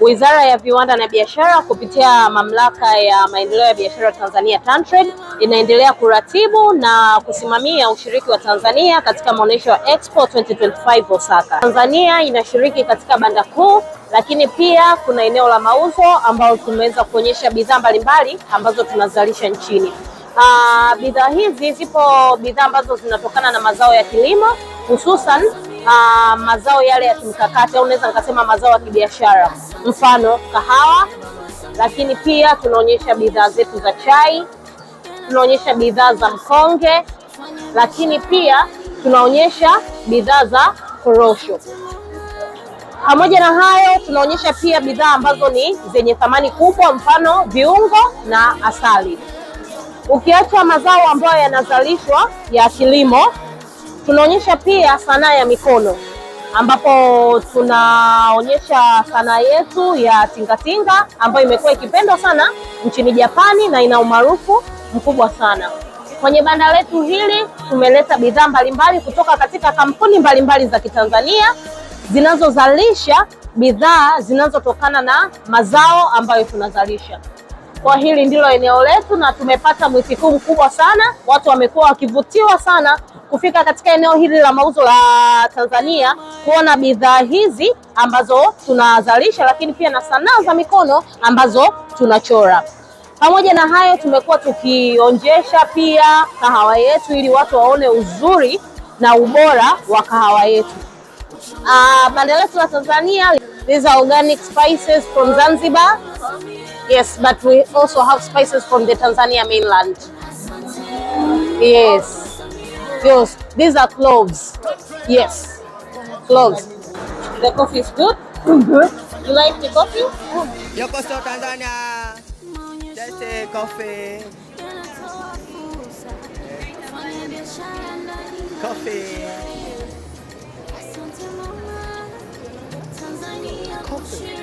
Wizara ya Viwanda na Biashara kupitia Mamlaka ya Maendeleo ya Biashara Tanzania TanTrade inaendelea kuratibu na kusimamia ushiriki wa Tanzania katika maonyesho ya Expo 2025 Osaka. Tanzania inashiriki katika banda kuu, lakini pia kuna eneo la mauzo ambalo tumeweza kuonyesha bidhaa mbalimbali ambazo tunazalisha nchini. Ah, bidhaa hizi zipo bidhaa ambazo zinatokana na mazao ya kilimo hususan uh, mazao yale ya kimkakati au naweza nikasema mazao ya kibiashara, mfano kahawa, lakini pia tunaonyesha bidhaa zetu za chai, tunaonyesha bidhaa za mkonge, lakini pia tunaonyesha bidhaa za korosho. Pamoja na hayo, tunaonyesha pia bidhaa ambazo ni zenye thamani kubwa, mfano viungo na asali. Ukiacha mazao ambayo yanazalishwa ya kilimo Tunaonyesha pia sanaa ya mikono ambapo tunaonyesha sanaa yetu ya tingatinga ambayo imekuwa ikipendwa sana nchini Japani na ina umaarufu mkubwa sana. Kwenye banda letu hili tumeleta bidhaa mbalimbali kutoka katika kampuni mbalimbali za Kitanzania zinazozalisha bidhaa zinazotokana na mazao ambayo tunazalisha. Kwa hili ndilo eneo letu na tumepata mwitikio mkubwa sana, watu wamekuwa wakivutiwa sana kufika katika eneo hili la mauzo la Tanzania kuona bidhaa hizi ambazo tunazalisha, lakini pia na sanaa za mikono ambazo tunachora. Pamoja na hayo, tumekuwa tukionjesha pia kahawa yetu ili watu waone uzuri na ubora wa kahawa yetu. Uh, banda letu la Tanzania, these are organic spices from Zanzibar. Yes, but we also have spices from the Tanzania mainland. Yes. Heels. These are cloves. Yes, cloves. The coffee is good. Mm-hmm. You like the coffee? Your so Tanzania. Just a coffee. Coffee. Coffee.